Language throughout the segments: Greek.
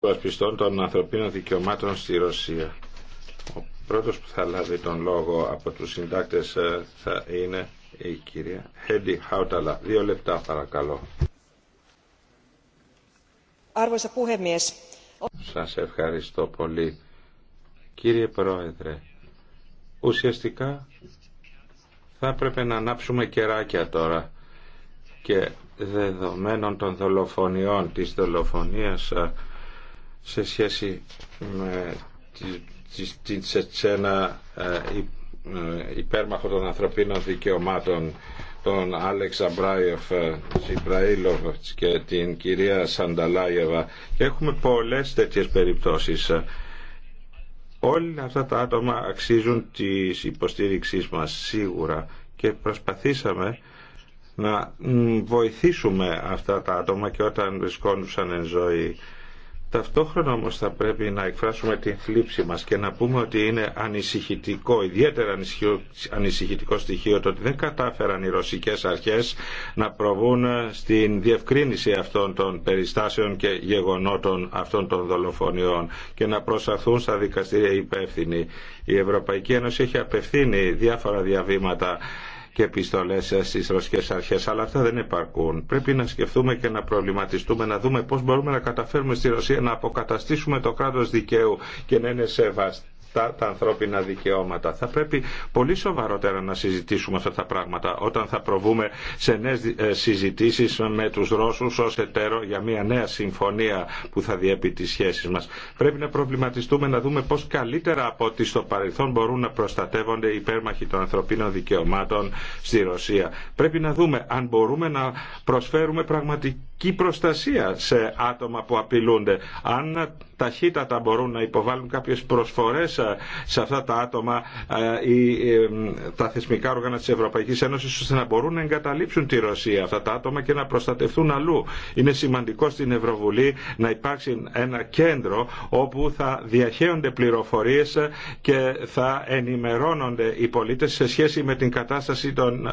υπερασπιστών των ανθρωπίνων δικαιωμάτων στη Ρωσία. Ο πρώτος που θα λάβει τον λόγο από τους συντάκτες ε, θα είναι η κυρία Χέντι Χάουταλα. Δύο λεπτά παρακαλώ. Σα Σας ευχαριστώ πολύ. Κύριε Πρόεδρε, ουσιαστικά θα έπρεπε να ανάψουμε κεράκια τώρα και δεδομένων των δολοφονιών, της δολοφονίας ε, σε σχέση με την Τσετσένα ε, ε, υπέρμαχο των ανθρωπίνων δικαιωμάτων τον Άλεξ της Ζιμπραήλοβ ε, και την κυρία Σανταλάιεβα και έχουμε πολλές τέτοιες περιπτώσεις Όλοι αυτά τα άτομα αξίζουν της υποστήριξής μας σίγουρα και προσπαθήσαμε να βοηθήσουμε αυτά τα άτομα και όταν βρισκόντουσαν εν ζωή Ταυτόχρονα όμως θα πρέπει να εκφράσουμε την θλίψη μας και να πούμε ότι είναι ανησυχητικό, ιδιαίτερα ανησυχητικό στοιχείο το ότι δεν κατάφεραν οι ρωσικές αρχές να προβούν στην διευκρίνηση αυτών των περιστάσεων και γεγονότων αυτών των δολοφονιών και να προσαθούν στα δικαστήρια υπεύθυνοι. Η Ευρωπαϊκή Ένωση έχει απευθύνει διάφορα διαβήματα και επιστολές ε, στις ρωσικές αρχές, αλλά αυτά δεν υπάρχουν. Πρέπει να σκεφτούμε και να προβληματιστούμε, να δούμε πώς μπορούμε να καταφέρουμε στη Ρωσία να αποκαταστήσουμε το κράτος δικαίου και να είναι σεβαστή τα ανθρώπινα δικαιώματα. Θα πρέπει πολύ σοβαρότερα να συζητήσουμε αυτά τα πράγματα όταν θα προβούμε σε νέε ε, συζητήσεις με τους Ρώσου ως εταίρο για μια νέα συμφωνία που θα διέπει τι σχέσει μας. Πρέπει να προβληματιστούμε να δούμε πώς καλύτερα από ότι στο παρελθόν μπορούν να προστατεύονται οι υπέρμαχοι των ανθρωπίνων δικαιωμάτων στη Ρωσία. Πρέπει να δούμε αν μπορούμε να προσφέρουμε πραγματικά η προστασία σε άτομα που απειλούνται. Αν ταχύτατα μπορούν να υποβάλουν κάποιες προσφορές ε, σε αυτά τα άτομα ή ε, ε, τα θεσμικά όργανα της Ευρωπαϊκής Ένωσης ώστε να μπορούν να εγκαταλείψουν τη Ρωσία αυτά τα άτομα και να προστατευτούν αλλού. Είναι σημαντικό στην Ευρωβουλή να υπάρξει ένα κέντρο όπου θα διαχέονται πληροφορίες και θα ενημερώνονται οι πολίτες σε σχέση με την κατάσταση των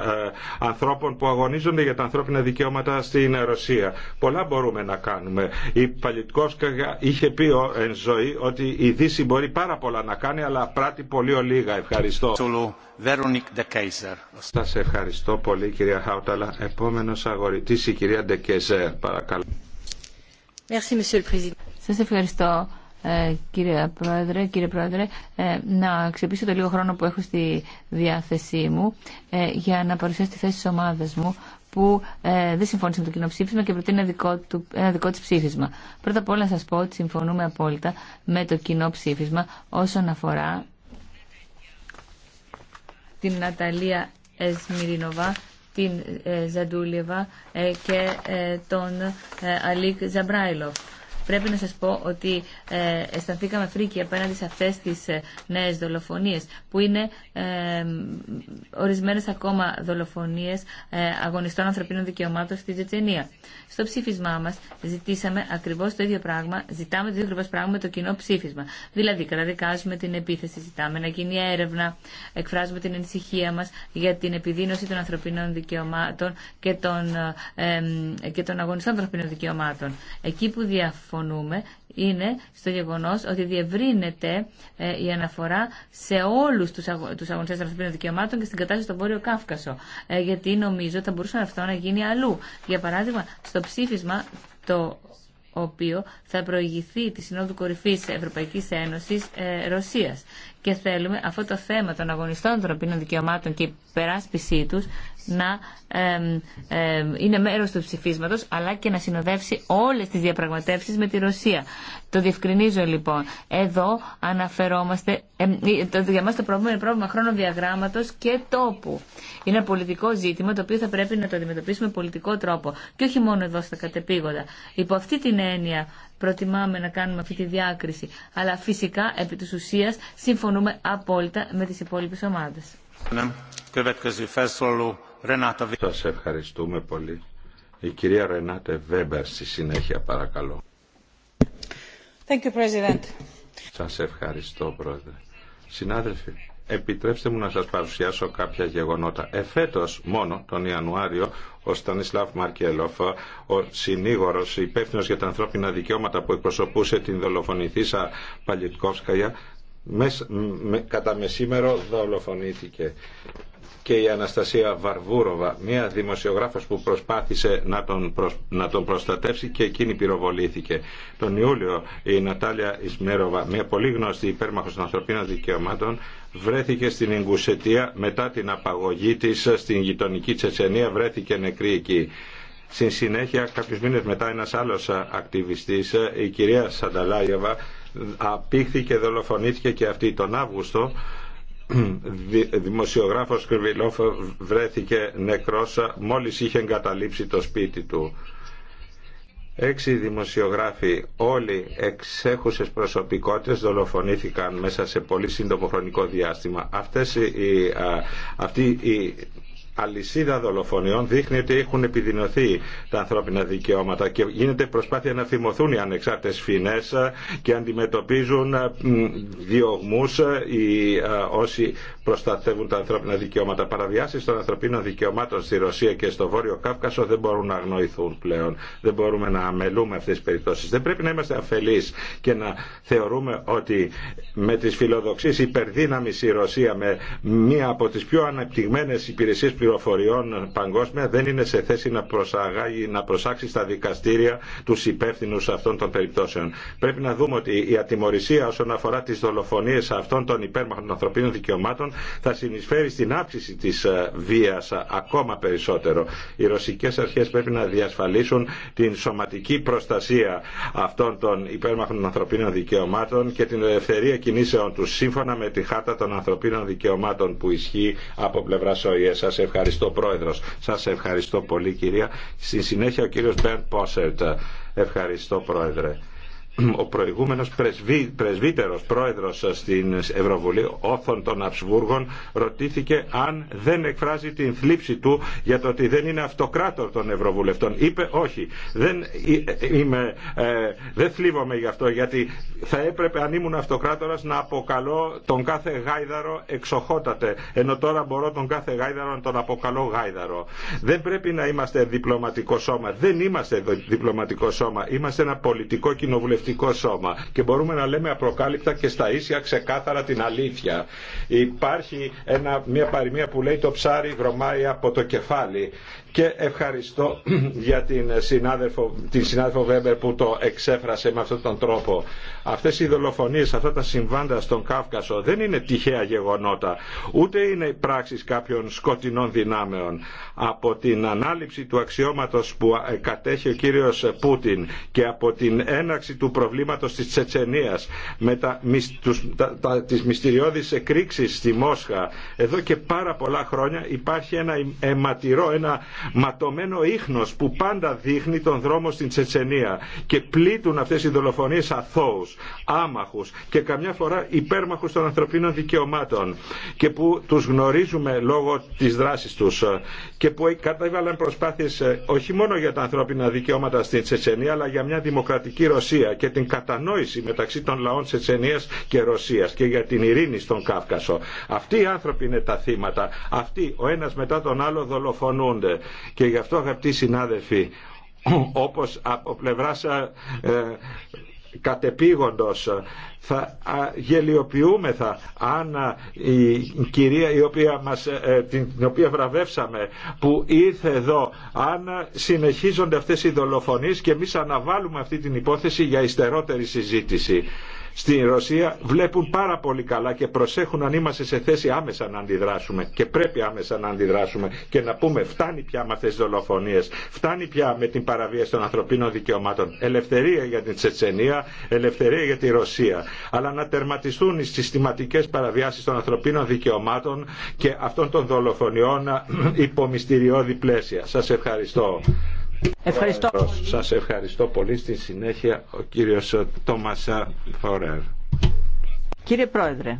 ανθρώπων που αγωνίζονται για τα ανθρώπινα δικαιώματα στην Ρωσία. Πολλά μπορούμε να κάνουμε. Η Παλιτικόσκα είχε πει εν ζωή ότι η Δύση μπορεί πάρα πολλά να κάνει, αλλά πράττει πολύ λίγα. Ευχαριστώ. Σα ευχαριστώ πολύ κυρία Χάουταλα. Επόμενο αγορητή, η κυρία Ντεκέζερ. Παρακαλώ. Σας ευχαριστώ ε, κύριε Πρόεδρε, κύριε Πρόεδρε, ε, να ξεπίσω το λίγο χρόνο που έχω στη διάθεσή μου ε, για να παρουσιάσω τη θέση της ομάδας μου που ε, δεν συμφώνησε με το κοινό ψήφισμα και προτείνει ένα δικό, του, ένα δικό της ψήφισμα. Πρώτα απ' όλα να σας πω ότι συμφωνούμε απόλυτα με το κοινό ψήφισμα όσον αφορά την Ναταλία Εσμυρινοβά, την ε, Ζαντούλιεβα ε, και τον Αλίκ Ζαμπράιλοφ. Πρέπει να σας πω ότι ε, αισθανθήκαμε φρίκη απέναντι σε αυτές τις ε, νέες δολοφονίες που είναι ε, ορισμένες ακόμα δολοφονίες ε, αγωνιστών ανθρωπίνων δικαιωμάτων στη Τζετσενία. Στο ψήφισμά μας ζητήσαμε ακριβώς το ίδιο πράγμα, ζητάμε το ίδιο ακριβώς πράγμα με το κοινό ψήφισμα. Δηλαδή καταδικάζουμε την επίθεση, ζητάμε να γίνει έρευνα, εκφράζουμε την ανησυχία μας για την επιδείνωση των ανθρωπίνων δικαιωμάτων και των, ε, και των αγωνιστών ανθρωπίνων δικαιωμάτων. Εκεί που διαφορά είναι στο γεγονός ότι διευρύνεται ε, η αναφορά σε όλους τους, αγωνιστέ τους αγωνιστές των ανθρωπίνων δικαιωμάτων και στην κατάσταση στον Βόρειο Κάφκασο. Ε, γιατί νομίζω ότι θα μπορούσε αυτό να γίνει αλλού. Για παράδειγμα, στο ψήφισμα το οποίο θα προηγηθεί τη Συνόδου Κορυφής Ευρωπαϊκής Ένωσης ε, Ρωσίας και θέλουμε αυτό το θέμα των αγωνιστών των ανθρωπίνων δικαιωμάτων και η περάσπισή του να ε, είναι μέρο του ψηφίσματο αλλά και να συνοδεύσει όλε τι διαπραγματεύσει με τη Ρωσία. Το διευκρινίζω λοιπόν. Εδώ αναφερόμαστε. Ε, το, για μα το πρόβλημα είναι πρόβλημα διαγράμματο και τόπου. Είναι ένα πολιτικό ζήτημα το οποίο θα πρέπει να το αντιμετωπίσουμε με πολιτικό τρόπο. Και όχι μόνο εδώ στα κατεπήγοντα. Υπό αυτή την έννοια προτιμάμε να κάνουμε αυτή τη διάκριση. Αλλά φυσικά, επί της ουσίας, συμφωνούμε απόλυτα με τις υπόλοιπες ομάδες. Ναι. Σας ευχαριστούμε πολύ. Η κυρία Ρενάτε Βέμπερ στη συνέχεια παρακαλώ. Thank Σας ευχαριστώ πρόεδρε. Συνάδελφοι, επιτρέψτε μου να σας παρουσιάσω κάποια γεγονότα. Εφέτος μόνο τον Ιανουάριο ο Στανισλάβ Μαρκελόφ, ο συνήγορο υπεύθυνο για τα ανθρώπινα δικαιώματα που εκπροσωπούσε την δολοφονηθήσα Παλιτκόφσκαγια, κατά μεσήμερο δολοφονήθηκε και η Αναστασία Βαρβούροβα, μια δημοσιογράφος που προσπάθησε να τον, να τον προστατεύσει και εκείνη πυροβολήθηκε. Τον Ιούλιο η Νατάλια Ισμέροβα, μια πολύ γνωστή υπέρμαχος των ανθρωπίνων δικαιωμάτων, βρέθηκε στην Ιγκουσετία μετά την απαγωγή της στην γειτονική Τσετσενία, βρέθηκε νεκρή εκεί. Στην συνέχεια, κάποιους μήνες μετά, ένας άλλος ακτιβιστής, η κυρία Σανταλάγεβα, απήχθη και δολοφονήθηκε και αυτή τον Αύγουστο δημοσιογράφος Κρυβιλόφ βρέθηκε νεκρός μόλις είχε εγκαταλείψει το σπίτι του. Έξι δημοσιογράφοι, όλοι εξέχουσες προσωπικότητες δολοφονήθηκαν μέσα σε πολύ σύντομο χρονικό διάστημα. Αυτές οι, αυτοί οι αλυσίδα δολοφονιών δείχνει ότι έχουν επιδεινωθεί τα ανθρώπινα δικαιώματα και γίνεται προσπάθεια να θυμωθούν οι ανεξάρτητες φινές και αντιμετωπίζουν διωγμούς ε, όσοι προστατεύουν τα ανθρώπινα δικαιώματα. Παραβιάσεις των ανθρωπίνων δικαιωμάτων στη Ρωσία και στο Βόρειο Κάυκασο δεν μπορούν να αγνοηθούν πλέον. Δεν μπορούμε να αμελούμε αυτές τις περιπτώσεις. Δεν πρέπει να είμαστε αφελείς και να θεωρούμε ότι με τις φιλοδοξίες υπερδύναμης η Ρωσία με μία από τις πιο αναπτυγμένες υπηρεσίες πληροφοριών παγκόσμια δεν είναι σε θέση να, προσαγάγει, να προσάξει στα δικαστήρια τους υπεύθυνου αυτών των περιπτώσεων. Πρέπει να δούμε ότι η ατιμορρησία όσον αφορά τις δολοφονίες αυτών των υπέρμαχων ανθρωπίνων δικαιωμάτων θα συνεισφέρει στην αύξηση της ε, βίας ακόμα περισσότερο. Οι ρωσικές αρχές πρέπει να διασφαλίσουν την σωματική προστασία αυτών των υπέρμαχων ανθρωπίνων δικαιωμάτων και την ελευθερία κινήσεων του σύμφωνα με τη Χάρτα των Ανθρωπίνων Δικαιωμάτων που ισχύει από πλευρά ΟΗΕ. ευχαριστώ. Ευχαριστώ Πρόεδρος. Σας ευχαριστώ πολύ κυρία. Στη συνέχεια ο κύριος Μπέρν Πόσερτ. Ευχαριστώ Πρόεδρε ο προηγούμενος πρεσβή, πρεσβύτερος πρόεδρος στην Ευρωβουλή, όθων των Αψβούργων, ρωτήθηκε αν δεν εκφράζει την θλίψη του για το ότι δεν είναι αυτοκράτορ των Ευρωβουλευτών. Είπε όχι, δεν, είμαι, ε, δεν θλίβομαι γι' αυτό γιατί θα έπρεπε αν ήμουν αυτοκράτορας να αποκαλώ τον κάθε γάιδαρο εξοχότατε, ενώ τώρα μπορώ τον κάθε γάιδαρο να τον αποκαλώ γάιδαρο. Δεν πρέπει να είμαστε διπλωματικό σώμα, δεν είμαστε διπλωματικό σώμα, είμαστε ένα πολιτικό κοινοβουλευτικό σώμα και μπορούμε να λέμε απροκάλυπτα και στα ίσια ξεκάθαρα την αλήθεια. Υπάρχει ένα, μια παροιμία που λέει το ψάρι βρωμάει από το κεφάλι και ευχαριστώ για την συνάδελφο, την συνάδελφο Βέμπερ που το εξέφρασε με αυτόν τον τρόπο. Αυτές οι δολοφονίες, αυτά τα συμβάντα στον Κάφκασο δεν είναι τυχαία γεγονότα, ούτε είναι πράξεις κάποιων σκοτεινών δυνάμεων. Από την ανάληψη του αξιώματος που ε, κατέχει ο κύριος Πούτιν και από την έναρξη του προβλήματος της Τσετσενίας με τα, τους, τα, τις μυστηριώδεις εκρήξεις στη Μόσχα, εδώ και πάρα πολλά χρόνια υπάρχει ένα αιματηρό, ένα ματωμένο ίχνος που πάντα δείχνει τον δρόμο στην Τσετσενία και πλήττουν αυτές οι δολοφονίες αθώους, άμαχους και καμιά φορά υπέρμαχους των ανθρωπίνων δικαιωμάτων και που τους γνωρίζουμε λόγω της δράσης τους ε, και που ε, κατέβαλαν προσπάθειες ε, όχι μόνο για τα ανθρώπινα δικαιώματα στην Τσετσενία αλλά για μια δημοκρατική Ρωσία και την κατανόηση μεταξύ των λαών Τσετσενίας και Ρωσίας και για την ειρήνη στον Κάφκασο. Αυτοί οι άνθρωποι είναι τα θύματα. Αυτοί ο ένας μετά τον άλλο δολοφονούνται και γι' αυτό αγαπητοί συνάδελφοι, όπως από πλευράς ε, κατεπήγοντος θα γελιοποιούμεθα αν η κυρία η οποία μας, ε, ε, την, οποία βραβεύσαμε που ήρθε εδώ αν συνεχίζονται αυτές οι δολοφονίες και εμείς αναβάλουμε αυτή την υπόθεση για ιστερότερη συζήτηση στην Ρωσία βλέπουν πάρα πολύ καλά και προσέχουν αν είμαστε σε θέση άμεσα να αντιδράσουμε και πρέπει άμεσα να αντιδράσουμε και να πούμε φτάνει πια με αυτές τις δολοφονίες, φτάνει πια με την παραβίαση των ανθρωπίνων δικαιωμάτων, ελευθερία για την Τσετσενία, ελευθερία για τη Ρωσία, αλλά να τερματιστούν οι συστηματικές παραβιάσεις των ανθρωπίνων δικαιωμάτων και αυτών των δολοφονιών μυστηριώδη πλαίσια. Σας ευχαριστώ. Ευχαριστώ. Σας ευχαριστώ πολύ. Στη συνέχεια ο κύριος Τόμασα Φορέρ. Κύριε Πρόεδρε,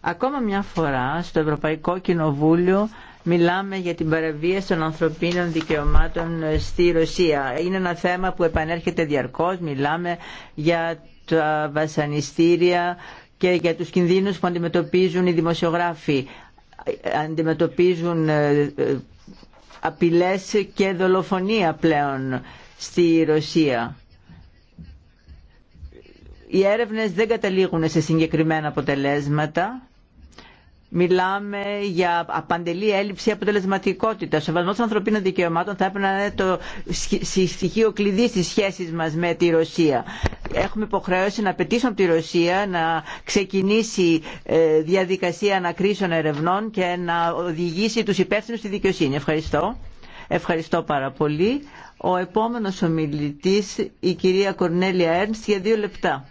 ακόμα μια φορά στο Ευρωπαϊκό Κοινοβούλιο μιλάμε για την παραβίαση των ανθρωπίνων δικαιωμάτων στη Ρωσία. Είναι ένα θέμα που επανέρχεται διαρκώς. Μιλάμε για τα βασανιστήρια και για τους κινδύνους που αντιμετωπίζουν οι δημοσιογράφοι αντιμετωπίζουν ε, ε, απειλές και δολοφονία πλέον στη Ρωσία. Οι έρευνες δεν καταλήγουν σε συγκεκριμένα αποτελέσματα Μιλάμε για απαντελή έλλειψη αποτελεσματικότητα. Ο σεβασμό των ανθρωπίνων δικαιωμάτων θα έπρεπε να είναι το στοιχείο κλειδί στι σχέσει μα με τη Ρωσία. Έχουμε υποχρέωση να απαιτήσουμε από τη Ρωσία να ξεκινήσει ε, διαδικασία ανακρίσεων ερευνών και να οδηγήσει του υπεύθυνου στη δικαιοσύνη. Ευχαριστώ. Ευχαριστώ πάρα πολύ. Ο επόμενο ομιλητή, η κυρία Κορνέλια Έρνστ, για δύο λεπτά.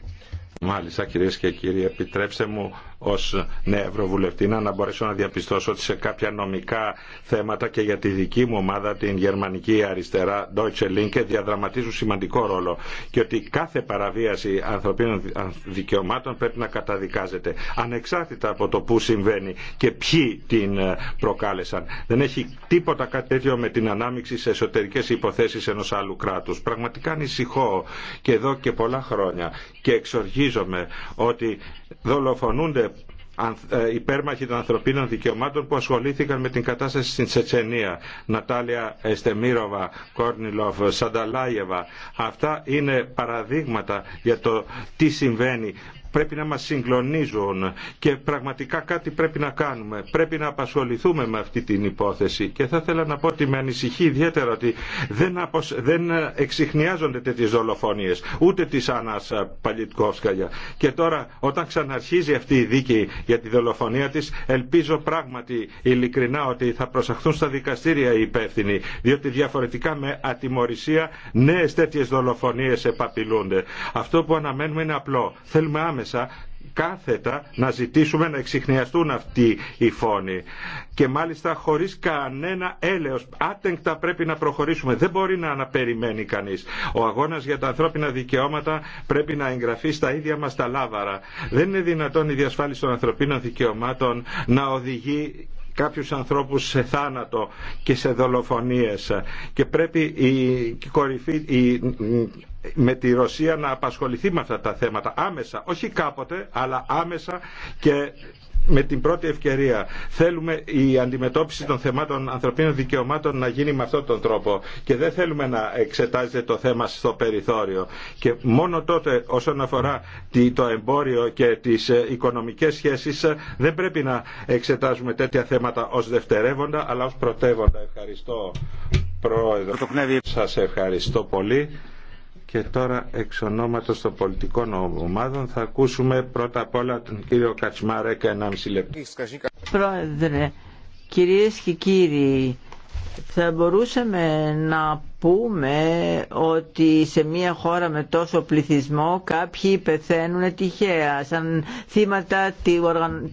Μάλιστα κυρίε και κύριοι, επιτρέψτε μου ως νέα Ευρωβουλευτή να μπορέσω να διαπιστώσω ότι σε κάποια νομικά θέματα και για τη δική μου ομάδα την γερμανική αριστερά Deutsche Linke διαδραματίζουν σημαντικό ρόλο και ότι κάθε παραβίαση ανθρωπίνων δικαιωμάτων πρέπει να καταδικάζεται ανεξάρτητα από το που συμβαίνει και ποιοι την ε, προκάλεσαν. Δεν έχει τίποτα κάτι τέτοιο με την ανάμειξη σε εσωτερικές υποθέσεις ενός άλλου κράτους. Πραγματικά ανησυχώ και εδώ και πολλά χρόνια και εξοργίζομαι ότι δολοφονούνται ε, υπέρμαχοι των ανθρωπίνων δικαιωμάτων που ασχολήθηκαν με την κατάσταση στην Τσετσενία. Νατάλια Εστεμίροβα, Κόρνιλοφ, Σανταλάγεβα Αυτά είναι παραδείγματα για το τι συμβαίνει πρέπει να μας συγκλονίζουν και πραγματικά κάτι πρέπει να κάνουμε. Πρέπει να απασχοληθούμε με αυτή την υπόθεση και θα ήθελα να πω ότι με ανησυχεί ιδιαίτερα ότι δεν, δεν εξηχνιάζονται τέτοιες δολοφονίες, ούτε της Άννας Παλιτκόφσκαγια. Και τώρα όταν ξαναρχίζει αυτή η δίκη για τη δολοφονία της, ελπίζω πράγματι ειλικρινά ότι θα προσαχθούν στα δικαστήρια οι υπεύθυνοι, διότι διαφορετικά με ατιμορρησία νέες τέτοιες δολοφονίες επαπειλούνται. Αυτό που αναμένουμε είναι απλό. Θέλουμε άμεσα κάθετα να ζητήσουμε να εξηχνιαστούν αυτοί οι φόνοι. Και μάλιστα χωρίς κανένα έλεος. Άτεγκτα πρέπει να προχωρήσουμε. Δεν μπορεί να αναπεριμένει κανείς. Ο αγώνας για τα ανθρώπινα δικαιώματα πρέπει να εγγραφεί στα ίδια μας τα λάβαρα. Δεν είναι δυνατόν η διασφάλιση των ανθρωπίνων δικαιωμάτων να οδηγεί κάποιους ανθρώπους σε θάνατο και σε δολοφονίες και πρέπει η κορυφή η, με τη Ρωσία να απασχοληθεί με αυτά τα θέματα άμεσα, όχι κάποτε αλλά άμεσα και με την πρώτη ευκαιρία. Θέλουμε η αντιμετώπιση των θεμάτων ανθρωπίνων δικαιωμάτων να γίνει με αυτόν τον τρόπο και δεν θέλουμε να εξετάζεται το θέμα στο περιθώριο. Και μόνο τότε όσον αφορά το εμπόριο και τις ε, οικονομικές σχέσεις ε, δεν πρέπει να εξετάζουμε τέτοια θέματα ως δευτερεύοντα αλλά ως πρωτεύοντα. Ευχαριστώ Πρόεδρο. Σας ευχαριστώ πολύ. Και τώρα εξ ονόματος των πολιτικών ομάδων θα ακούσουμε πρώτα απ' όλα τον κύριο ένα μισή λεπτό. Πρόεδρε, κυρίες και κύριοι, θα μπορούσαμε να πούμε ότι σε μια χώρα με τόσο πληθυσμό κάποιοι πεθαίνουν τυχαία σαν θύματα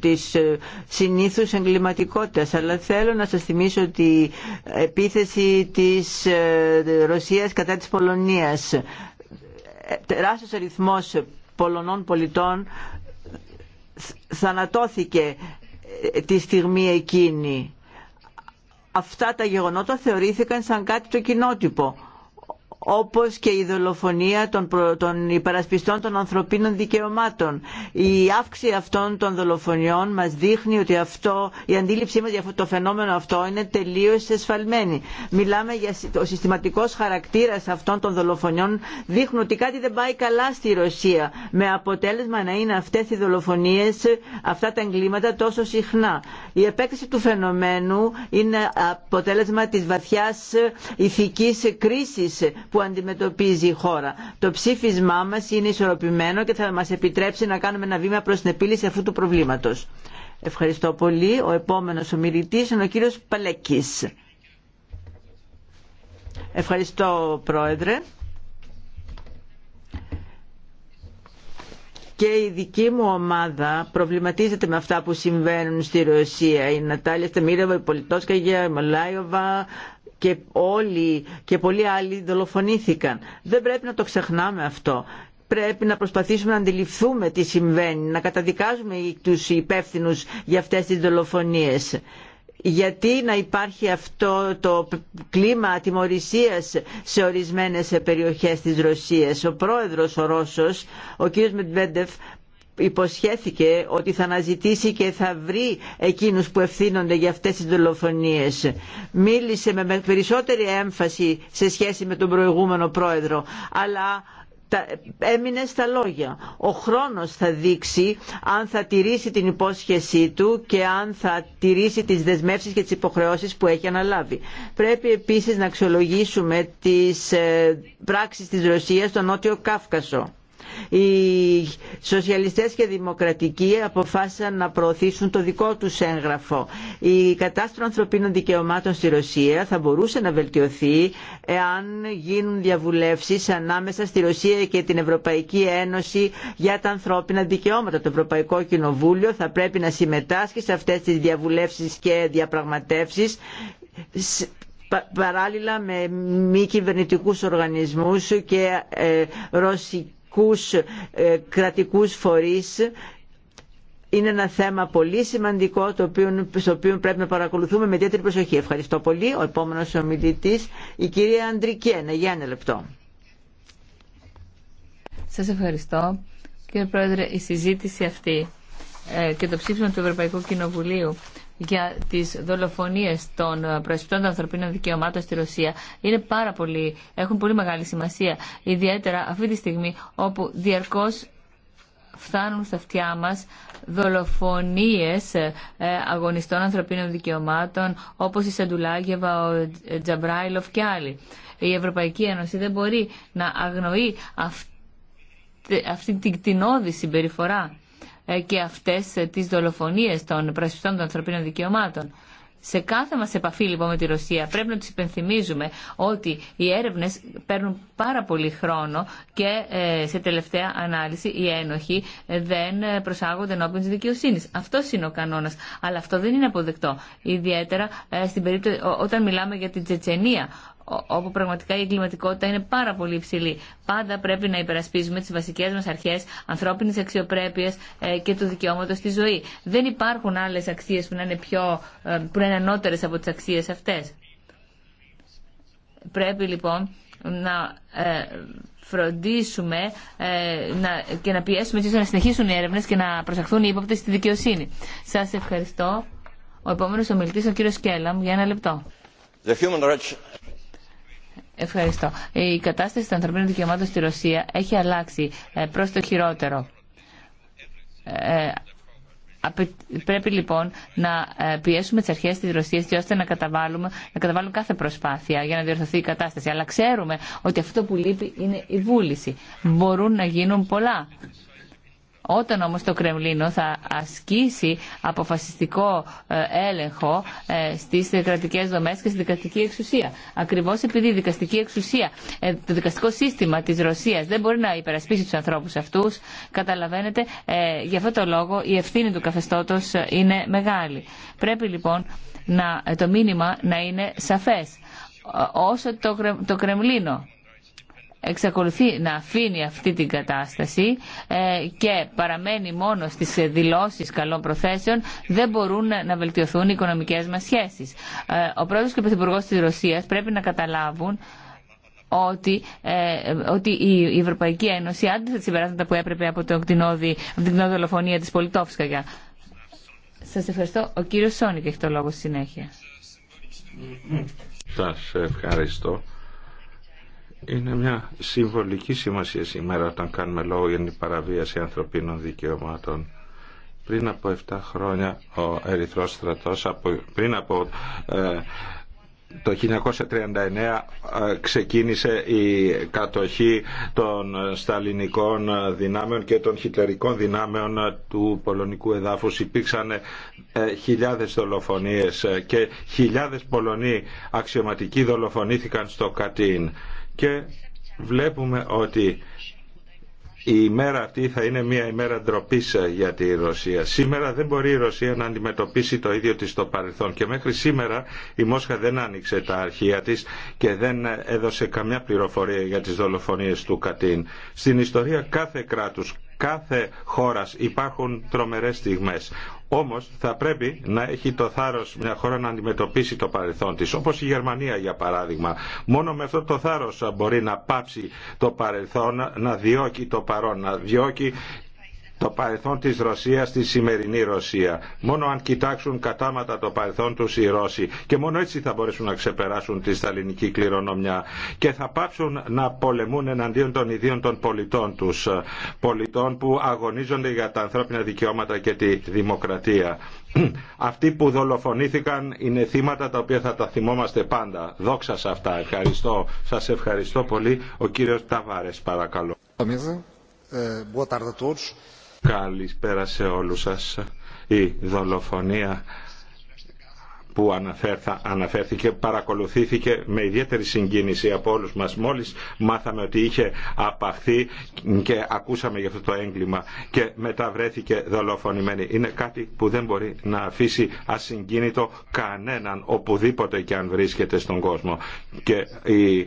της ε, συνήθους εγκληματικότητας αλλά θέλω να σας θυμίσω ότι επίθεση της ε, Ρωσίας κατά της Πολωνίας ε, τεράστιος αριθμός Πολωνών πολιτών θανατώθηκε τη στιγμή εκείνη αυτά τα γεγονότα θεωρήθηκαν σαν κάτι το κοινότυπο όπως και η δολοφονία των, υπερασπιστών των ανθρωπίνων δικαιωμάτων. Η αύξηση αυτών των δολοφονιών μας δείχνει ότι αυτό, η αντίληψή μας για αυτό το φαινόμενο αυτό είναι τελείως εσφαλμένη. Μιλάμε για το συστηματικός χαρακτήρας αυτών των δολοφονιών δείχνουν ότι κάτι δεν πάει καλά στη Ρωσία με αποτέλεσμα να είναι αυτές οι δολοφονίες, αυτά τα εγκλήματα τόσο συχνά. Η επέκταση του φαινομένου είναι αποτέλεσμα της βαθιάς ηθικής κρίσης που αντιμετωπίζει η χώρα. Το ψήφισμά μα είναι ισορροπημένο και θα μα επιτρέψει να κάνουμε ένα βήμα προ την επίλυση αυτού του προβλήματο. Ευχαριστώ πολύ. Ο επόμενος ομιλητής είναι ο κύριο Παλέκη. Ευχαριστώ, Πρόεδρε. και η δική μου ομάδα προβληματίζεται με αυτά που συμβαίνουν στη Ρωσία. Η Νατάλια Στεμίρεβα, η Πολιτόσκαγια, η Μαλάιωβα και όλοι και πολλοί άλλοι δολοφονήθηκαν. Δεν πρέπει να το ξεχνάμε αυτό. Πρέπει να προσπαθήσουμε να αντιληφθούμε τι συμβαίνει, να καταδικάζουμε τους υπεύθυνους για αυτές τις δολοφονίες γιατί να υπάρχει αυτό το κλίμα ατιμορρησίας σε ορισμένες περιοχές της Ρωσίας. Ο πρόεδρος ο Ρώσος, ο κ. Μετβέντεφ, υποσχέθηκε ότι θα αναζητήσει και θα βρει εκείνους που ευθύνονται για αυτές τις δολοφονίες. Μίλησε με περισσότερη έμφαση σε σχέση με τον προηγούμενο πρόεδρο, αλλά έμεινε στα λόγια. Ο χρόνος θα δείξει αν θα τηρήσει την υπόσχεσή του και αν θα τηρήσει τις δεσμεύσεις και τις υποχρεώσεις που έχει αναλάβει. Πρέπει επίσης να αξιολογήσουμε τις ε, πράξεις της Ρωσίας στο Νότιο Κάφκασο οι σοσιαλιστές και δημοκρατικοί αποφάσισαν να προωθήσουν το δικό τους έγγραφο. Η κατάσταση των ανθρωπίνων δικαιωμάτων στη Ρωσία θα μπορούσε να βελτιωθεί εάν γίνουν διαβουλεύσεις ανάμεσα στη Ρωσία και την Ευρωπαϊκή Ένωση για τα ανθρώπινα δικαιώματα. Το Ευρωπαϊκό Κοινοβούλιο θα πρέπει να συμμετάσχει σε αυτές τις διαβουλεύσεις και διαπραγματεύσεις παράλληλα με μη κυβερνητικούς οργανισμούς και ε, ρωσικούς κρατικούς, ε, κρατικούς φορείς είναι ένα θέμα πολύ σημαντικό το οποίο, στο οποίο πρέπει να παρακολουθούμε με ιδιαίτερη προσοχή. Ευχαριστώ πολύ. Ο επόμενος ομιλητής, η κυρία Αντρικένα. Για ένα λεπτό. Σας ευχαριστώ. Κύριε Πρόεδρε, η συζήτηση αυτή ε, και το ψήφισμα του Ευρωπαϊκού Κοινοβουλίου για τι δολοφονίες των ε, προεσπιστών των ανθρωπίνων δικαιωμάτων στη Ρωσία είναι πάρα έχουν πολύ μεγάλη σημασία. Ιδιαίτερα αυτή τη στιγμή όπου διαρκώ φτάνουν στα αυτιά μας δολοφονίες ε, ε, αγωνιστών ανθρωπίνων δικαιωμάτων όπως η Σαντουλάγεβα, ο Τζαμπράιλοφ και άλλοι. Η Ευρωπαϊκή Ένωση δεν μπορεί να αγνοεί αυτή, αυτή την κτηνώδη συμπεριφορά ε, και αυτές ε, τις δολοφονίες των προσφυστών των ανθρωπίνων δικαιωμάτων. Σε κάθε μας επαφή λοιπόν με τη Ρωσία πρέπει να τους υπενθυμίζουμε ότι οι έρευνες παίρνουν πάρα πολύ χρόνο και ε, σε τελευταία ανάλυση οι ένοχοι δεν προσάγονται ενώπιον της δικαιοσύνης. Αυτό είναι ο κανόνας, αλλά αυτό δεν είναι αποδεκτό. Ιδιαίτερα στην περίπτωση, όταν μιλάμε για την Τσετσενία, όπου πραγματικά η εγκληματικότητα είναι πάρα πολύ υψηλή. Πάντα πρέπει να υπερασπίζουμε τι βασικέ μα αρχέ ανθρώπινη αξιοπρέπεια ε, και του δικαιώματο στη ζωή. Δεν υπάρχουν άλλε αξίε που να είναι, πιο, ε, που να είναι ανώτερε από τι αξίε αυτέ. Πρέπει λοιπόν να ε, φροντίσουμε να, και να πιέσουμε έτσι ώστε να συνεχίσουν οι έρευνε και να προσαχθούν οι ύποπτε στη δικαιοσύνη. Σα ευχαριστώ. Ο επόμενο ομιλητή, ο κύριο Κέλλαμ, για ένα λεπτό. Ευχαριστώ. Η κατάσταση των ανθρωπίνων δικαιωμάτων στη Ρωσία έχει αλλάξει ε, προς το χειρότερο. Ε, πρέπει λοιπόν να ε, πιέσουμε τι αρχέ τη Ρωσία ώστε να, καταβάλουμε, να καταβάλουν κάθε προσπάθεια για να διορθωθεί η κατάσταση. Αλλά ξέρουμε ότι αυτό που λείπει είναι η βούληση. Μπορούν να γίνουν πολλά όταν όμως το Κρεμλίνο θα ασκήσει αποφασιστικό ε, έλεγχο ε, στις κρατικές δομές και στη δικαστική εξουσία. Ακριβώς επειδή η δικαστική εξουσία, ε, το δικαστικό σύστημα της Ρωσίας δεν μπορεί να υπερασπίσει τους ανθρώπους αυτούς, καταλαβαίνετε, γι' αυτό το λόγο η ευθύνη του καθεστώτος είναι μεγάλη. Πρέπει λοιπόν να, το μήνυμα να είναι σαφές. Όσο το, το Κρεμλίνο εξακολουθεί να αφήνει αυτή την κατάσταση ε, και παραμένει μόνο στις δηλώσεις καλών προθέσεων, δεν μπορούν να βελτιωθούν οι οικονομικές μας σχέσεις. Ε, ο πρόεδρος και ο πρωθυπουργός της Ρωσίας πρέπει να καταλάβουν ότι, ε, ότι η, Ευρωπαϊκή Ένωση άντισε τα συμπεράσματα που έπρεπε από, το κτηνόδι, από την κτηνόδη δολοφονία της Πολιτόφσκα. Σας ευχαριστώ. Ο κύριος Σόνικ έχει το λόγο στη συνέχεια. Σας ευχαριστώ. Είναι μια συμβολική σημασία σήμερα όταν κάνουμε λόγο για την παραβίαση ανθρωπίνων δικαιωμάτων. Πριν από 7 χρόνια ο Ερυθρός στρατός, από, πριν από ε, το 1939 ε, ξεκίνησε η κατοχή των σταλινικών δυνάμεων και των χιτλερικών δυνάμεων του πολωνικού εδάφους. Υπήρξαν ε, χιλιάδες δολοφονίες και χιλιάδες Πολωνοί αξιωματικοί δολοφονήθηκαν στο Κατίν και βλέπουμε ότι η ημέρα αυτή θα είναι μια ημέρα ντροπή για τη Ρωσία. Σήμερα δεν μπορεί η Ρωσία να αντιμετωπίσει το ίδιο της στο παρελθόν και μέχρι σήμερα η Μόσχα δεν άνοιξε τα αρχεία της και δεν έδωσε καμιά πληροφορία για τις δολοφονίες του Κατίν. Στην ιστορία κάθε κράτους, κάθε χώρας υπάρχουν τρομερές στιγμές. Όμως θα πρέπει να έχει το θάρρος μια χώρα να αντιμετωπίσει το παρελθόν της. Όπως η Γερμανία για παράδειγμα. Μόνο με αυτό το θάρρος μπορεί να πάψει το παρελθόν, να διώκει το παρόν, να διώκει το παρελθόν της Ρωσίας στη σημερινή Ρωσία. Μόνο αν κοιτάξουν κατάματα το παρελθόν τους οι Ρώσοι και μόνο έτσι θα μπορέσουν να ξεπεράσουν τη σταλινική κληρονομιά και θα πάψουν να πολεμούν εναντίον των ιδίων των πολιτών τους, πολιτών που αγωνίζονται για τα ανθρώπινα δικαιώματα και τη δημοκρατία. Αυτοί που δολοφονήθηκαν είναι θύματα τα οποία θα τα θυμόμαστε πάντα. Δόξα σε αυτά. Ευχαριστώ. Σας ευχαριστώ πολύ. Ο κύριος Ταβάρες παρακαλώ. Καλησπέρα σε όλους σας. Η δολοφονία που αναφέρθηκε παρακολουθήθηκε με ιδιαίτερη συγκίνηση από όλους μας μόλις μάθαμε ότι είχε απαχθεί και ακούσαμε για αυτό το έγκλημα και μετά βρέθηκε δολοφονημένη. Είναι κάτι που δεν μπορεί να αφήσει ασυγκίνητο κανέναν οπουδήποτε και αν βρίσκεται στον κόσμο. Και η, ε,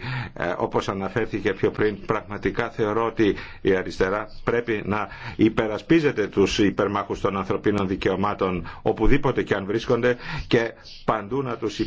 όπως αναφέρθηκε πιο πριν πραγματικά θεωρώ ότι η αριστερά πρέπει να υπερασπίζεται τους υπερμάχους των ανθρωπίνων δικαιωμάτων οπουδήποτε και αν βρίσκονται και παντού να τους,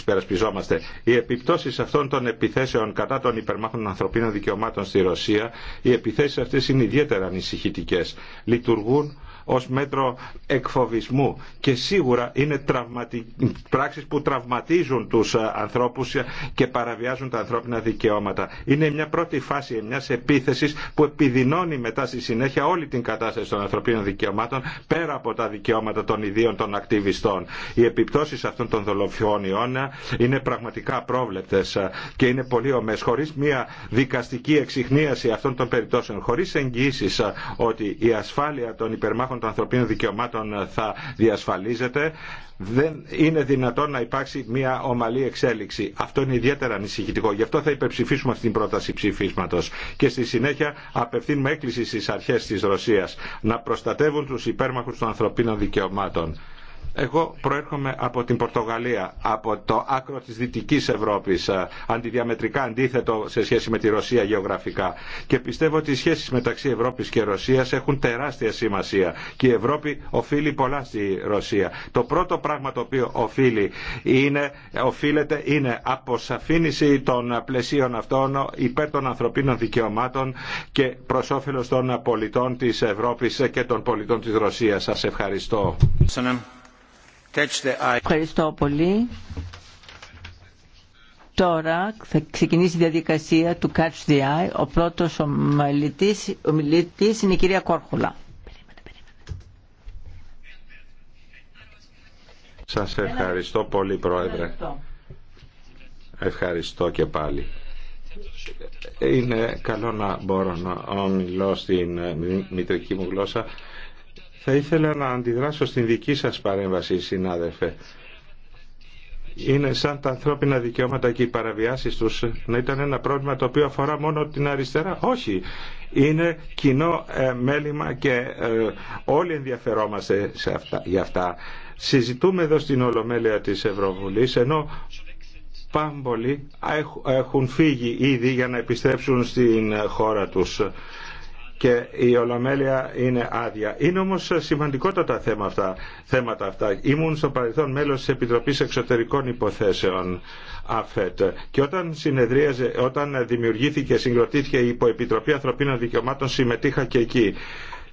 υπερασπιζόμαστε. Οι επιπτώσεις αυτών των επιθέσεων κατά των υπερμάχων ανθρωπίνων δικαιωμάτων στη Ρωσία, οι επιθέσεις αυτές είναι ιδιαίτερα ανησυχητικές. Λειτουργούν ως μέτρο εκφοβισμού και σίγουρα είναι τραυματι... πράξεις που τραυματίζουν τους ε, ανθρώπους ε, και παραβιάζουν τα ανθρώπινα δικαιώματα. Είναι μια πρώτη φάση μια επίθεσης που επιδεινώνει μετά στη συνέχεια όλη την κατάσταση των ανθρωπίνων δικαιωμάτων πέρα από τα δικαιώματα των ιδίων των ακτιβιστών. Οι επιπτώσεις αυτών των δολοφιών αιώνα ε, είναι πραγματικά πρόβλεπτες και είναι πολύ ομές. Χωρίς μια δικαστική εξυχνίαση αυτών των περιπτώσεων, χωρίς εγγύσει ότι η ασφάλεια των υπερμάχων των ανθρωπίνων δικαιωμάτων ε, θα διασφαλίζεται δεν είναι δυνατόν να υπάρξει μια ομαλή εξέλιξη. Αυτό είναι ιδιαίτερα ανησυχητικό. Γι' αυτό θα υπερψηφίσουμε αυτή την πρόταση ψηφίσματο. Και στη συνέχεια απευθύνουμε έκκληση στι αρχέ τη Ρωσία να προστατεύουν του υπέρμαχου των ανθρωπίνων δικαιωμάτων. Εγώ προέρχομαι από την Πορτογαλία, από το άκρο της Δυτικής Ευρώπης, αντιδιαμετρικά αντίθετο σε σχέση με τη Ρωσία γεωγραφικά. Και πιστεύω ότι οι σχέσεις μεταξύ Ευρώπης και Ρωσίας έχουν τεράστια σημασία και η Ευρώπη οφείλει πολλά στη Ρωσία. Το πρώτο πράγμα το οποίο οφείλει είναι, οφείλεται είναι αποσαφήνιση των πλαισίων αυτών υπέρ των ανθρωπίνων δικαιωμάτων και προς όφελος των πολιτών της Ευρώπης και των πολιτών της Ρωσίας. Σας ευχαριστώ. Ευχαριστώ πολύ. Τώρα θα ξεκινήσει η διαδικασία του Catch the Eye. Ο πρώτος ομιλητής, ομιλητής είναι η κυρία Κόρχουλα. Σας ευχαριστώ πολύ Πρόεδρε. Ευχαριστώ, και πάλι. Είναι καλό να μπορώ να ομιλώ στην μητρική μου γλώσσα θα ήθελα να αντιδράσω στην δική σας παρέμβαση, συνάδελφε. Είναι σαν τα ανθρώπινα δικαιώματα και οι παραβιάσεις τους να ήταν ένα πρόβλημα το οποίο αφορά μόνο την αριστερά. Όχι. Είναι κοινό ε, μέλημα και ε, όλοι ενδιαφερόμαστε σε αυτά, για αυτά. Συζητούμε εδώ στην Ολομέλεια της Ευρωβουλής, ενώ πάμπολοι έχουν φύγει ήδη για να επιστρέψουν στην ε, χώρα τους και η Ολομέλεια είναι άδεια. Είναι όμως σημαντικότατα θέμα θέματα αυτά. Ήμουν στο παρελθόν μέλος της Επιτροπής Εξωτερικών Υποθέσεων ΑΦΕΤ και όταν, συνεδρίαζε, όταν δημιουργήθηκε, συγκροτήθηκε η Υποεπιτροπή Ανθρωπίνων Δικαιωμάτων συμμετείχα και εκεί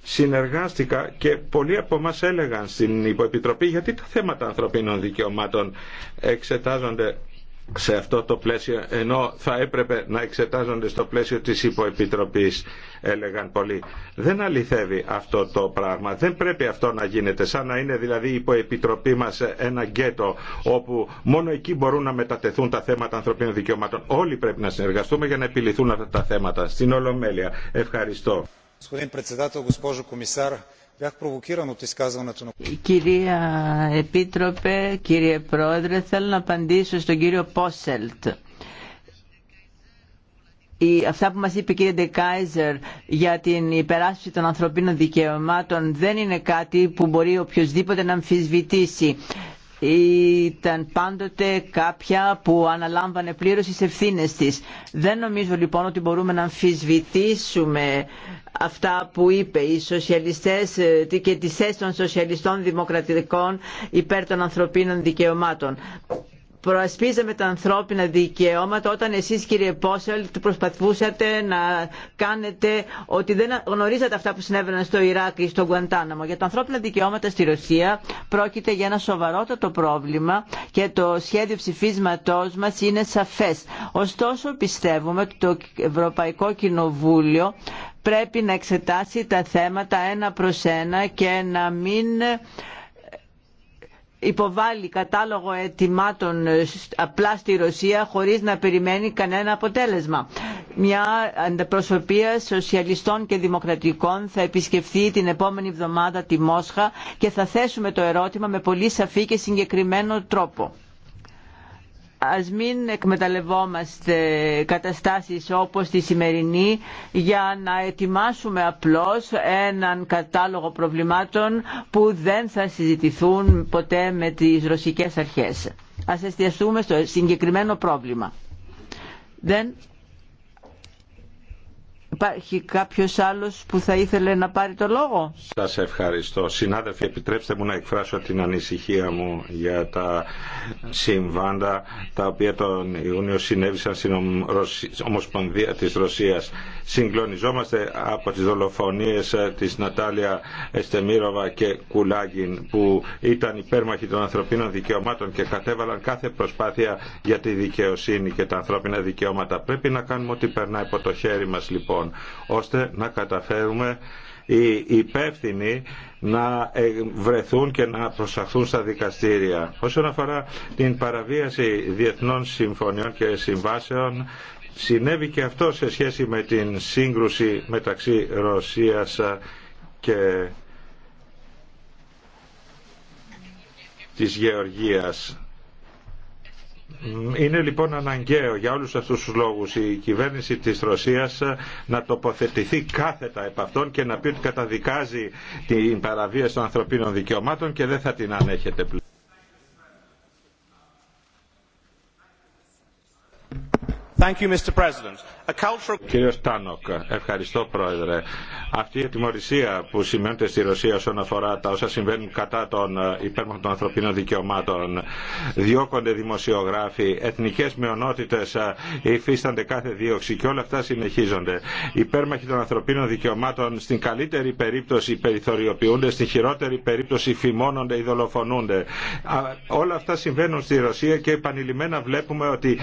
συνεργάστηκα και πολλοί από εμά έλεγαν στην υποεπιτροπή γιατί τα θέματα ανθρωπίνων δικαιωμάτων εξετάζονται σε αυτό το πλαίσιο, ενώ θα έπρεπε να εξετάζονται στο πλαίσιο της υποεπιτροπής, έλεγαν πολλοί. Δεν αληθεύει αυτό το πράγμα. Δεν πρέπει αυτό να γίνεται. Σαν να είναι δηλαδή η υποεπιτροπή μας ένα γκέτο, όπου μόνο εκεί μπορούν να μετατεθούν τα θέματα ανθρωπίνων δικαιωμάτων. Όλοι πρέπει να συνεργαστούμε για να επιληθούν αυτά τα θέματα. Στην Ολομέλεια. Ευχαριστώ. Κυρία Επίτροπε, κύριε Πρόεδρε, θέλω να απαντήσω στον κύριο Πόσελτ. αυτά που μας είπε η κυρία Ντεκάιζερ για την υπεράσπιση των ανθρωπίνων δικαιωμάτων δεν είναι κάτι που μπορεί οποιοδήποτε να αμφισβητήσει ήταν πάντοτε κάποια που αναλάμβανε πλήρως τις ευθύνες της. Δεν νομίζω λοιπόν ότι μπορούμε να αμφισβητήσουμε αυτά που είπε οι σοσιαλιστές ε, και τις θέσεις των σοσιαλιστών δημοκρατικών υπέρ των ανθρωπίνων δικαιωμάτων προασπίζαμε τα ανθρώπινα δικαιώματα όταν εσείς κύριε Πόσελ προσπαθούσατε να κάνετε ότι δεν γνωρίζατε αυτά που συνέβαιναν στο Ιράκ ή στο Γκουαντάναμο. Για τα ανθρώπινα δικαιώματα στη Ρωσία πρόκειται για ένα σοβαρότατο πρόβλημα και το σχέδιο ψηφίσματός μας είναι σαφές. Ωστόσο πιστεύουμε ότι το Ευρωπαϊκό Κοινοβούλιο πρέπει να εξετάσει τα θέματα ένα προς ένα και να μην υποβάλει κατάλογο αιτημάτων ε, απλά στη Ρωσία χωρίς να περιμένει κανένα αποτέλεσμα. Μια αντιπροσωπεία σοσιαλιστών και δημοκρατικών θα επισκεφθεί την επόμενη εβδομάδα τη Μόσχα και θα θέσουμε το ερώτημα με πολύ σαφή και συγκεκριμένο τρόπο ας μην εκμεταλλευόμαστε καταστάσεις όπως τη σημερινή για να ετοιμάσουμε απλώς έναν κατάλογο προβλημάτων που δεν θα συζητηθούν ποτέ με τις ρωσικές αρχές. Ας εστιαστούμε στο συγκεκριμένο πρόβλημα. Δεν Υπάρχει κάποιος άλλος που θα ήθελε να πάρει το λόγο. Σας ευχαριστώ. Συνάδελφοι, επιτρέψτε μου να εκφράσω την ανησυχία μου για τα συμβάντα τα οποία τον Ιούνιο συνέβησαν στην Ομοσπονδία της Ρωσίας. Συγκλονιζόμαστε από τις δολοφονίες ε, της Νατάλια Εστεμίροβα και Κουλάγιν που ήταν υπέρμαχοι των ανθρωπίνων δικαιωμάτων και κατέβαλαν κάθε προσπάθεια για τη δικαιοσύνη και τα ανθρώπινα δικαιώματα. Πρέπει να κάνουμε ό,τι περνάει από το χέρι μα λοιπόν ώστε να καταφέρουμε οι υπεύθυνοι να ε, βρεθούν και να προσαχθούν στα δικαστήρια. Όσον αφορά την παραβίαση διεθνών συμφωνιών και συμβάσεων, συνέβη και αυτό σε σχέση με την σύγκρουση μεταξύ Ρωσίας και της Γεωργίας είναι λοιπόν αναγκαίο για όλους αυτούς τους λόγους η κυβέρνηση της Ρωσίας να τοποθετηθεί κάθετα επ' αυτών και να πει ότι καταδικάζει την παραβίαση των ανθρωπίνων δικαιωμάτων και δεν θα την ανέχεται πλέον. Κύριε Στάνοκ, ευχαριστώ Πρόεδρε. Αυτή η ατιμορρησία που σημαίνεται στη Ρωσία όσον αφορά τα όσα συμβαίνουν κατά των ε, υπέρμαχων των ανθρωπίνων δικαιωμάτων, διώκονται δημοσιογράφοι, εθνικές μειονότητες ε, υφίστανται κάθε δίωξη και όλα αυτά συνεχίζονται. Οι υπέρμαχοι των ανθρωπίνων δικαιωμάτων στην καλύτερη περίπτωση περιθωριοποιούνται, στην χειρότερη περίπτωση φημώνονται ή δολοφονούνται. Όλα αυτά συμβαίνουν στη Ρωσία και επανειλημμένα βλέπουμε ότι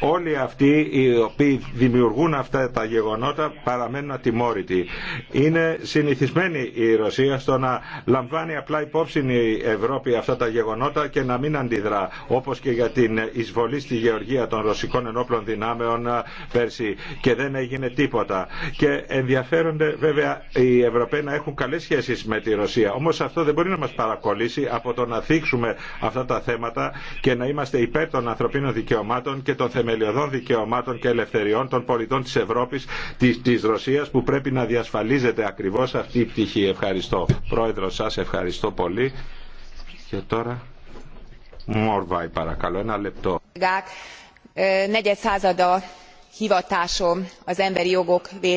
όλοι αυτοί οι οποίοι δημιουργούν αυτά τα γεγονότα παραμένουν ατιμόρυτοι. Είναι συνηθισμένη η Ρωσία στο να λαμβάνει απλά υπόψη η Ευρώπη αυτά τα γεγονότα και να μην αντιδρά όπως και για την εισβολή στη Γεωργία των Ρωσικών Ενόπλων Δυνάμεων ε, πέρσι και δεν έγινε τίποτα. Και ενδιαφέρονται βέβαια οι Ευρωπαίοι να έχουν καλές σχέσεις με τη Ρωσία. Όμως αυτό δεν μπορεί να μας παρακολύσει από το να θίξουμε αυτά τα θέματα και να είμαστε υπέρ των ανθρωπίνων δικαιωμάτων και των θεμελιωδών δικαιωμάτων δικαιωμάτων και ελευθεριών των πολιτών της Ευρώπης, της, της Ρωσίας που πρέπει να διασφαλίζεται ακριβώς αυτή η πτυχή. Ευχαριστώ. Πρόεδρο σας ευχαριστώ πολύ. Και τώρα Μόρβαϊ παρακαλώ ένα λεπτό. Ε,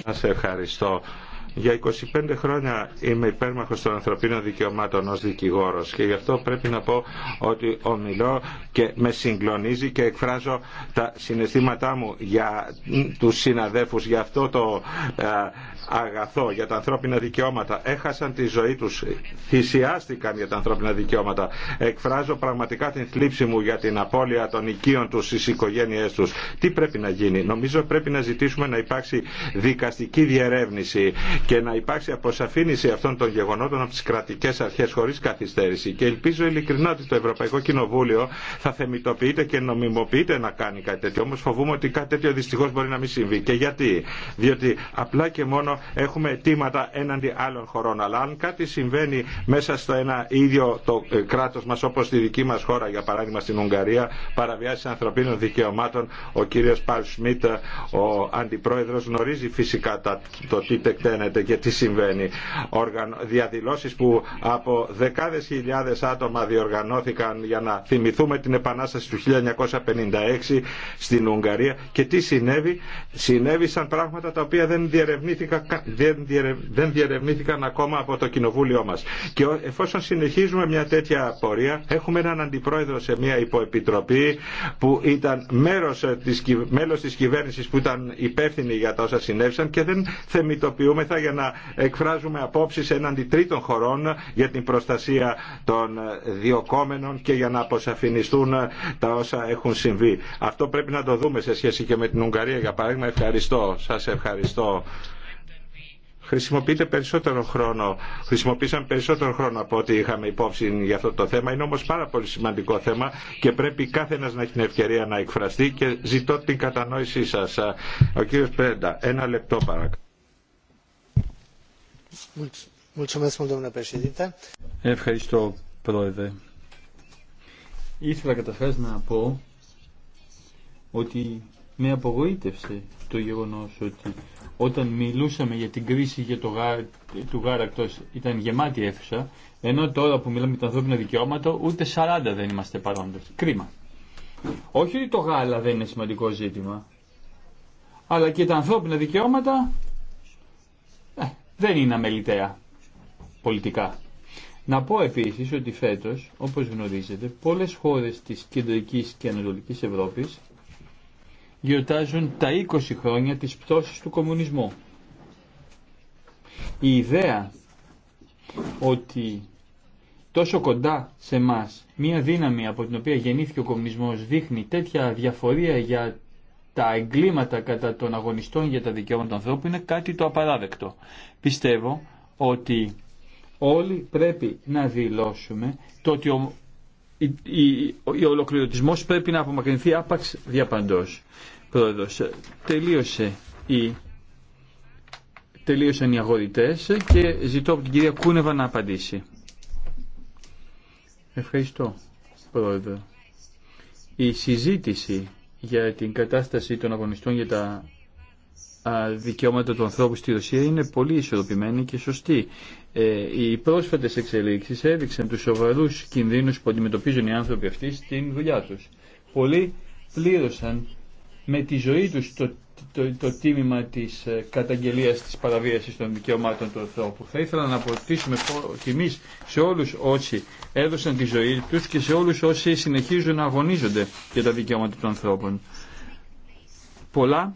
σας ευχαριστώ. Για 25 χρόνια είμαι υπέρμαχος των ανθρωπίνων δικαιωμάτων ως δικηγόρος και γι' αυτό πρέπει να πω ότι ομιλώ και με συγκλονίζει και εκφράζω τα συναισθήματά μου για τους συναδέφους για αυτό το ε, αγαθό, για τα ανθρώπινα δικαιώματα. Έχασαν τη ζωή τους, θυσιάστηκαν για τα ανθρώπινα δικαιώματα. Εκφράζω πραγματικά την θλίψη μου για την απώλεια των οικείων τους στις οικογένειές τους. Τι πρέπει να γίνει. Νομίζω πρέπει να ζητήσουμε να υπάρξει δικαστική διερεύνηση και να υπάρξει αποσαφήνιση αυτών των γεγονότων από τις κρατικές αρχές χωρίς καθυστέρηση. Και ελπίζω ειλικρινά ότι το Ευρωπαϊκό Κοινοβούλιο θα θεμητοποιείται και νομιμοποιείται να κάνει κάτι τέτοιο. Όμως φοβούμαι ότι κάτι τέτοιο δυστυχώς μπορεί να μην συμβεί. Και γιατί. Διότι απλά και μόνο έχουμε αιτήματα έναντι άλλων χωρών. Αλλά αν κάτι συμβαίνει μέσα στο ένα ίδιο το ε, κράτο μα, όπω στη δική μα χώρα, για παράδειγμα στην Ουγγαρία, παραβιάσει ανθρωπίνων δικαιωμάτων, ο κύριο Παλ Σμιτ, ο αντιπρόεδρο, γνωρίζει φυσικά το τι τεκταίνεται και τι συμβαίνει. Διαδηλώσει που από δεκάδε χιλιάδε άτομα διοργανώθηκαν για να θυμηθούμε την Επανάσταση του 1956 στην Ουγγαρία και τι συνέβη. Συνέβησαν πράγματα τα οποία δεν διερευνήθηκαν δεν διερευνήθηκαν ακόμα από το κοινοβούλιο μας. Και εφόσον συνεχίζουμε μια τέτοια πορεία, έχουμε έναν αντιπρόεδρο σε μια υποεπιτροπή που ήταν μέρος ε, της, μέλος της κυβέρνησης που ήταν υπεύθυνη για τα όσα συνέβησαν και δεν θεμητοποιούμεθα για να εκφράζουμε απόψεις έναντι τρίτων χωρών για την προστασία των ε, διοκόμενων και για να αποσαφινιστούν ε, τα όσα έχουν συμβεί. Αυτό πρέπει να το δούμε σε σχέση και με την Ουγγαρία για παράδειγμα. Ευχαριστώ. Σας ευχαριστώ χρησιμοποιείται περισσότερο χρόνο, χρησιμοποίησαμε περισσότερο χρόνο από ό,τι είχαμε υπόψη για αυτό το θέμα. Είναι όμως πάρα πολύ σημαντικό θέμα και πρέπει κάθε ένας να έχει την ευκαιρία να εκφραστεί και ζητώ την κατανόησή σας. Ο κύριος Πρέντα, ένα λεπτό παρακαλώ. Ευχαριστώ πρόεδρε. Ήθελα καταρχάς να πω ότι με απογοήτευσε το γεγονός ότι όταν μιλούσαμε για την κρίση για το γά, του γάρακτος ήταν γεμάτη αίθουσα, ενώ τώρα που μιλάμε για τα ανθρώπινα δικαιώματα ούτε 40 δεν είμαστε παρόντες. Κρίμα. Όχι ότι το γάλα δεν είναι σημαντικό ζήτημα, αλλά και τα ανθρώπινα δικαιώματα ε, δεν είναι αμεληταία πολιτικά. Να πω επίσης ότι φέτος, όπως γνωρίζετε, πολλές χώρες της κεντρικής και ανατολικής Ευρώπης γιορτάζουν τα 20 χρόνια της πτώσης του κομμουνισμού. Η ιδέα ότι τόσο κοντά σε μας μία δύναμη από την οποία γεννήθηκε ο κομμουνισμός δείχνει τέτοια διαφορία για τα εγκλήματα κατά των αγωνιστών για τα δικαιώματα του ανθρώπου είναι κάτι το απαράδεκτο. Πιστεύω ότι όλοι πρέπει να δηλώσουμε το ότι ο, η, ο ολοκληρωτισμός πρέπει να απομακρυνθεί άπαξ διαπαντός. Πρόεδρος, τελείωσε η... τελείωσαν οι αγορητέ και ζητώ από την κυρία Κούνεβα να απαντήσει. Ευχαριστώ, Πρόεδρε. Η συζήτηση για την κατάσταση των αγωνιστών για τα δικαιώματα του ανθρώπου στη Ρωσία είναι πολύ ισορροπημένη και σωστή. Ε, οι πρόσφατες εξελίξεις έδειξαν τους σοβαρούς κινδύνους που αντιμετωπίζουν οι άνθρωποι αυτοί στην δουλειά τους. Πολλοί πλήρωσαν με τη ζωή τους το, το, το τίμημα της ε, καταγγελίας της παραβίασης των δικαιωμάτων του ανθρώπου. Θα ήθελα να αποτίσουμε τιμή σε όλους όσοι έδωσαν τη ζωή τους και σε όλους όσοι συνεχίζουν να αγωνίζονται για τα δικαιώματα των ανθρώπων. Πολλά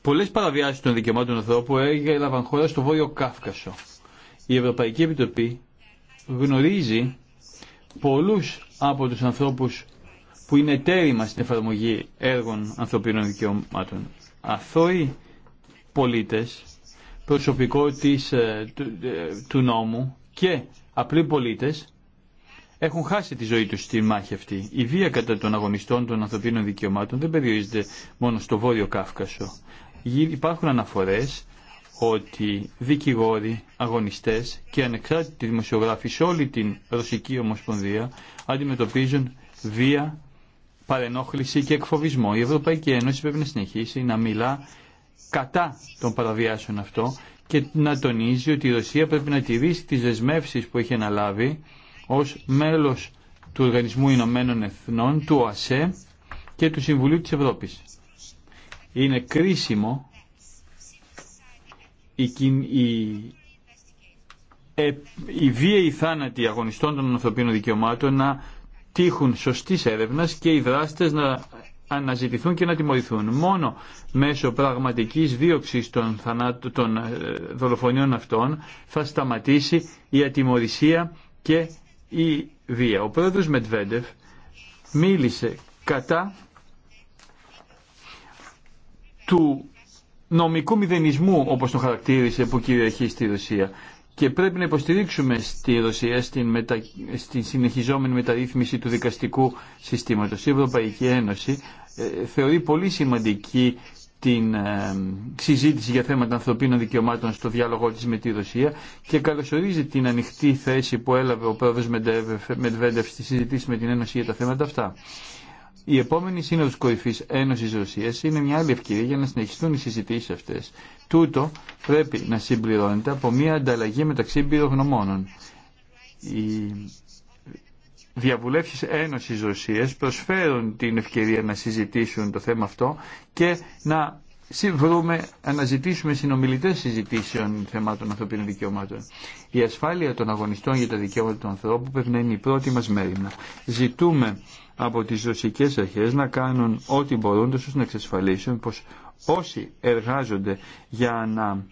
Πολλές παραβιάσεις των δικαιωμάτων του ανθρώπου έγιναν χώρα στο Βόρειο Κάφκασο. Η Ευρωπαϊκή Επιτροπή γνωρίζει πολλού από του ανθρώπου που είναι τέρημα στην εφαρμογή έργων ανθρωπίνων δικαιωμάτων. Αθώοι πολίτες, προσωπικό της, ε, ε, του, νόμου και απλοί πολίτες έχουν χάσει τη ζωή τους στη μάχη αυτή. Η βία κατά των αγωνιστών των ανθρωπίνων δικαιωμάτων δεν περιορίζεται μόνο στο Βόρειο Κάφκασο. Υπάρχουν αναφορές ότι δικηγόροι, αγωνιστές και ανεξάρτητοι δημοσιογράφοι σε όλη την Ρωσική Ομοσπονδία αντιμετωπίζουν βία παρενόχληση και εκφοβισμό. Η Ευρωπαϊκή Ένωση πρέπει να συνεχίσει να μιλά κατά των παραβιάσεων αυτό και να τονίζει ότι η Ρωσία πρέπει να τηρήσει τις δεσμεύσεις που έχει αναλάβει ως μέλος του Οργανισμού Ηνωμένων Εθνών, του ΟΑΣΕ και του Συμβουλίου της Ευρώπης. Είναι κρίσιμο η, η, ε- η βίαιη θάνατη αγωνιστών των ανθρωπίνων δικαιωμάτων να τύχουν σωστή έρευνας και οι δράστες να αναζητηθούν και να τιμωρηθούν. Μόνο μέσω πραγματικής δίωξη των, θανάτων, των ε, δολοφονιών αυτών θα σταματήσει η ατιμορρησία και η βία. Ο πρόεδρος Μετβέντεφ μίλησε κατά του νομικού μηδενισμού όπως τον χαρακτήρισε που κυριαρχεί στη Ρωσία και πρέπει να υποστηρίξουμε στη Ρωσία στην, μετα... συνεχιζόμενη μεταρρύθμιση του δικαστικού συστήματος. Η Ευρωπαϊκή Ένωση ε, θεωρεί πολύ σημαντική την ε, συζήτηση για θέματα ανθρωπίνων δικαιωμάτων στο διάλογο της με τη Ρωσία και καλωσορίζει την ανοιχτή θέση που έλαβε ο πρόεδρος Μεντβέντεφ στη συζήτηση με την Ένωση για τα θέματα αυτά. Η επόμενη Σύνοδος Κορυφή Ένωση Ρωσία είναι μια άλλη ευκαιρία για να συνεχιστούν οι συζητήσεις αυτές. Τούτο πρέπει να συμπληρώνεται από μια ανταλλαγή μεταξύ πυρογνωμόνων. Οι διαβουλεύσει Ένωση Ρωσία προσφέρουν την ευκαιρία να συζητήσουν το θέμα αυτό και να να ζητήσουμε συνομιλητές συζητήσεων θεμάτων ανθρωπίνων δικαιωμάτων. Η ασφάλεια των αγωνιστών για τα δικαιώματα του ανθρώπου πρέπει να είναι η πρώτη μας μέρημνα. Ζητούμε από τις ρωσικέ αρχές να κάνουν ό,τι μπορούν τόσο να εξασφαλίσουν πως όσοι εργάζονται για να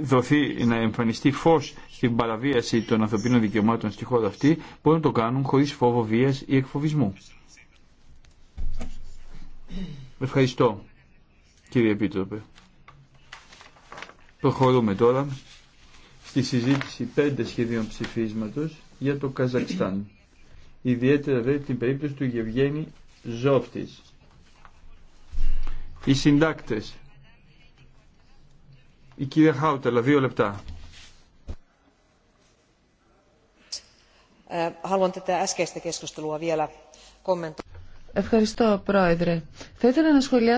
δοθεί, να εμφανιστεί φως στην παραβίαση των ανθρωπίνων δικαιωμάτων στη χώρα αυτή, μπορούν να το κάνουν χωρίς φόβο βίας ή εκφοβισμού. Ευχαριστώ κύριε Επίτροπε. Προχωρούμε τώρα στη συζήτηση πέντε σχεδίων ψηφίσματος για το Καζακστάν. Ιδιαίτερα δε την περίπτωση του Γευγένη Ζόφτης. Οι συντάκτες. Η κυρία Χάουτελα, δύο λεπτά. Ε, Ευχαριστώ, Πρόεδρε. Θα ήθελα να σχολιάσω